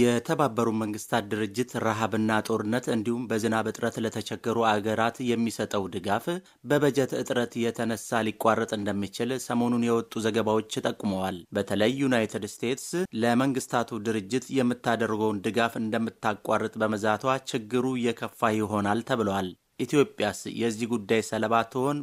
የተባበሩ መንግስታት ድርጅት ረሃብና ጦርነት እንዲሁም በዝናብ እጥረት ለተቸገሩ አገራት የሚሰጠው ድጋፍ በበጀት እጥረት የተነሳ ሊቋረጥ እንደሚችል ሰሞኑን የወጡ ዘገባዎች ጠቁመዋል። በተለይ ዩናይትድ ስቴትስ ለመንግስታቱ ድርጅት የምታደርገውን ድጋፍ እንደምታቋርጥ በመዛቷ ችግሩ የከፋ ይሆናል ተብለዋል። ኢትዮጵያስ የዚህ ጉዳይ ሰለባ ትሆን?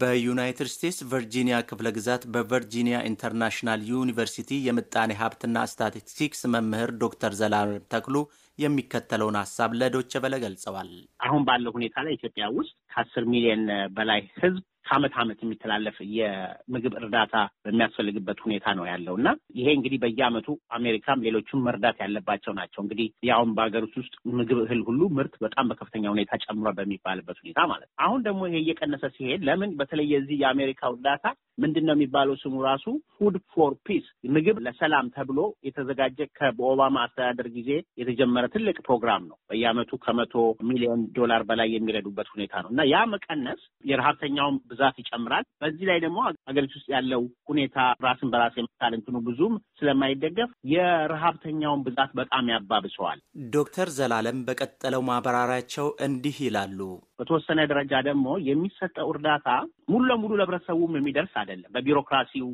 በዩናይትድ ስቴትስ ቨርጂኒያ ክፍለ ግዛት በቨርጂኒያ ኢንተርናሽናል ዩኒቨርሲቲ የምጣኔ ሀብትና ስታቲስቲክስ መምህር ዶክተር ዘላለም ተክሉ የሚከተለውን ሀሳብ ለዶቸ በለ ገልጸዋል። አሁን ባለው ሁኔታ ላይ ኢትዮጵያ ውስጥ ከአስር ሚሊዮን በላይ ህዝብ ከአመት አመት የሚተላለፍ የምግብ እርዳታ በሚያስፈልግበት ሁኔታ ነው ያለው እና ይሄ እንግዲህ በየአመቱ አሜሪካም ሌሎችም መርዳት ያለባቸው ናቸው። እንግዲህ ያሁን በሀገር ውስጥ ምግብ እህል ሁሉ ምርት በጣም በከፍተኛ ሁኔታ ጨምሯል በሚባልበት ሁኔታ ማለት ነው። አሁን ደግሞ ይሄ እየቀነሰ ሲሄድ ለምን በተለይ የዚህ የአሜሪካ እርዳታ ምንድን ነው የሚባለው ስሙ ራሱ ፉድ ፎር ፒስ ምግብ ለሰላም ተብሎ የተዘጋጀ ከበኦባማ አስተዳደር ጊዜ የተጀመረ ትልቅ ፕሮግራም ነው። በየአመቱ ከመቶ ሚሊዮን ዶላር በላይ የሚረዱበት ሁኔታ ነው እና ያ መቀነስ የረሀብተኛውም ብዛት ይጨምራል። በዚህ ላይ ደግሞ ሀገሪቱ ውስጥ ያለው ሁኔታ ራስን በራስ የመቻል እንትኑ ብዙም ስለማይደገፍ የረሀብተኛውን ብዛት በጣም ያባብሰዋል። ዶክተር ዘላለም በቀጠለው ማብራሪያቸው እንዲህ ይላሉ። በተወሰነ ደረጃ ደግሞ የሚሰጠው እርዳታ ሙሉ ለሙሉ ለህብረተሰቡም የሚደርስ አይደለም። በቢሮክራሲው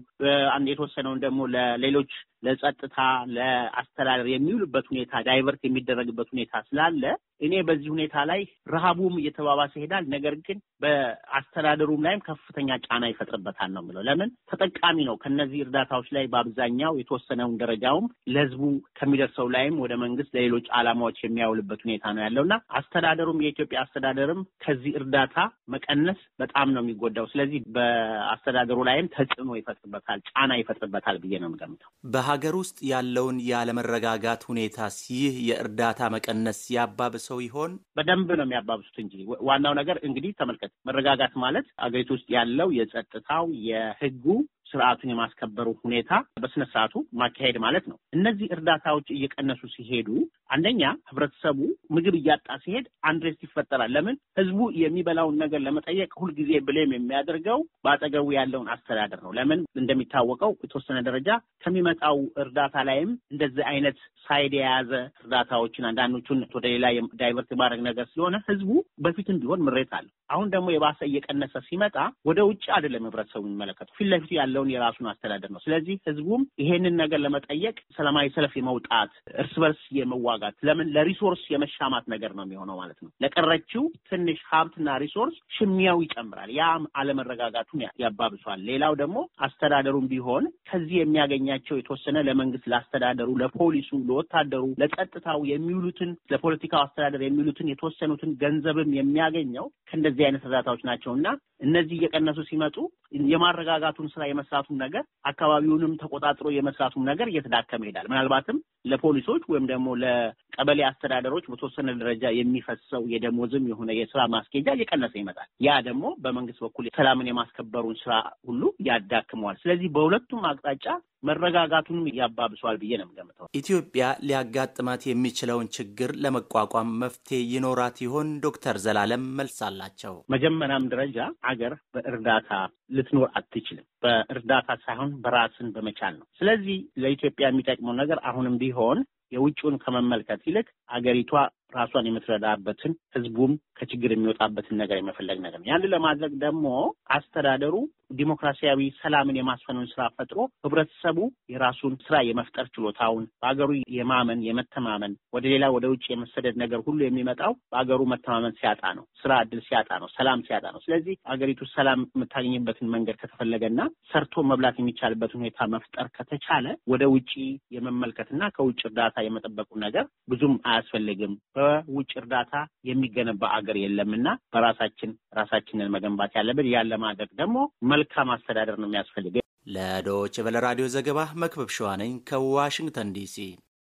የተወሰነውን ደግሞ ለሌሎች ለጸጥታ፣ ለአስተዳደር የሚውልበት ሁኔታ ዳይቨርት የሚደረግበት ሁኔታ ስላለ እኔ በዚህ ሁኔታ ላይ ረሃቡም እየተባባሰ ይሄዳል። ነገር ግን በአስተዳደሩም ላይም ከፍተኛ ጫና ይፈጥርበታል ነው የምለው። ለምን ተጠቃሚ ነው ከነዚህ እርዳታዎች ላይ በአብዛኛው የተወሰነውን ደረጃውም ለህዝቡ ከሚደርሰው ላይም ወደ መንግስት ለሌሎች አላማዎች የሚያውልበት ሁኔታ ነው ያለውና አስተዳደሩም የኢትዮጵያ አስተዳደርም ከዚህ እርዳታ መቀነስ በጣም ነው የሚጎዳው። ስለዚህ በአስተዳደሩ ላይም ተጽዕኖ ይፈጥርበታል፣ ጫና ይፈጥርበታል ብዬ ነው የምገምተው። በሀገር ውስጥ ያለውን ያለመረጋጋት ሁኔታ ይህ የእርዳታ መቀነስ ያባብሰ ያባብሰው ይሆን? በደንብ ነው የሚያባብሱት እንጂ ዋናው ነገር እንግዲህ ተመልከት፣ መረጋጋት ማለት አገሪቱ ውስጥ ያለው የጸጥታው የህጉ ስርዓቱን የማስከበሩ ሁኔታ በስነ ስርዓቱ ማካሄድ ማለት ነው። እነዚህ እርዳታዎች እየቀነሱ ሲሄዱ አንደኛ ህብረተሰቡ ምግብ እያጣ ሲሄድ አንድሬስ ይፈጠራል። ለምን ህዝቡ የሚበላውን ነገር ለመጠየቅ ሁልጊዜ ብሌም የሚያደርገው በአጠገቡ ያለውን አስተዳደር ነው። ለምን እንደሚታወቀው የተወሰነ ደረጃ ከሚመጣው እርዳታ ላይም እንደዚህ አይነት ሳይድ የያዘ እርዳታዎችን አንዳንዶቹን ወደ ሌላ ዳይቨርት የማድረግ ነገር ስለሆነ ህዝቡ በፊትም ቢሆን ምሬት አለ። አሁን ደግሞ የባሰ እየቀነሰ ሲመጣ ወደ ውጭ አይደለም ህብረተሰቡ የሚመለከተው ፊት ለፊቱ ያለው ያለውን የራሱን አስተዳደር ነው። ስለዚህ ህዝቡም ይሄንን ነገር ለመጠየቅ ሰላማዊ ሰልፍ የመውጣት እርስ በርስ የመዋጋት ለምን ለሪሶርስ የመሻማት ነገር ነው የሚሆነው ማለት ነው። ለቀረችው ትንሽ ሀብትና ሪሶርስ ሽሚያው ይጨምራል። ያ አለመረጋጋቱን ያባብሷል። ሌላው ደግሞ አስተዳደሩም ቢሆን ከዚህ የሚያገኛቸው የተወሰነ ለመንግስት፣ ለአስተዳደሩ፣ ለፖሊሱ፣ ለወታደሩ፣ ለጸጥታው የሚውሉትን ለፖለቲካው አስተዳደር የሚውሉትን የተወሰኑትን ገንዘብም የሚያገኘው ከእንደዚህ አይነት እርዳታዎች ናቸው እና እነዚህ እየቀነሱ ሲመጡ የማረጋጋቱን ስራ የመስራቱን ነገር አካባቢውንም ተቆጣጥሮ የመስራቱን ነገር እየተዳከመ ይሄዳል። ምናልባትም ለፖሊሶች ወይም ደግሞ ለቀበሌ አስተዳደሮች በተወሰነ ደረጃ የሚፈሰው የደሞዝም የሆነ የስራ ማስኬጃ እየቀነሰ ይመጣል። ያ ደግሞ በመንግስት በኩል ሰላምን የማስከበሩን ስራ ሁሉ ያዳክመዋል። ስለዚህ በሁለቱም አቅጣጫ መረጋጋቱንም እያባብሷል ብዬ ነው የምገምተው። ኢትዮጵያ ሊያጋጥማት የሚችለውን ችግር ለመቋቋም መፍትሄ ይኖራት ይሆን? ዶክተር ዘላለም መልስ አላቸው። መጀመሪያም ደረጃ አገር በእርዳታ ልትኖር አትችልም። በእርዳታ ሳይሆን በራስን በመቻል ነው። ስለዚህ ለኢትዮጵያ የሚጠቅመው ነገር አሁንም hold የውጭውን ከመመልከት ይልቅ አገሪቷ ራሷን የምትረዳበትን ህዝቡም ከችግር የሚወጣበትን ነገር የመፈለግ ነገር ያን ለማድረግ ደግሞ አስተዳደሩ ዲሞክራሲያዊ ሰላምን የማስፈኑን ስራ ፈጥሮ ህብረተሰቡ የራሱን ስራ የመፍጠር ችሎታውን በሀገሩ የማመን የመተማመን ወደ ሌላ ወደ ውጭ የመሰደድ ነገር ሁሉ የሚመጣው በሀገሩ መተማመን ሲያጣ ነው። ስራ እድል ሲያጣ ነው። ሰላም ሲያጣ ነው። ስለዚህ አገሪቱ ሰላም የምታገኝበትን መንገድ ከተፈለገና ሰርቶ መብላት የሚቻልበትን ሁኔታ መፍጠር ከተቻለ ወደ ውጭ የመመልከትና ከውጭ እርዳታ የመጠበቁ ነገር ብዙም አያስፈልግም። በውጭ እርዳታ የሚገነባ አገር የለምና በራሳችን ራሳችንን መገንባት ያለብን። ያን ለማድረግ ደግሞ መልካም አስተዳደር ነው የሚያስፈልገው። ለዶይቼ ራዲዮ ዘገባ መክበብ ሸዋነኝ ከዋሽንግተን ዲሲ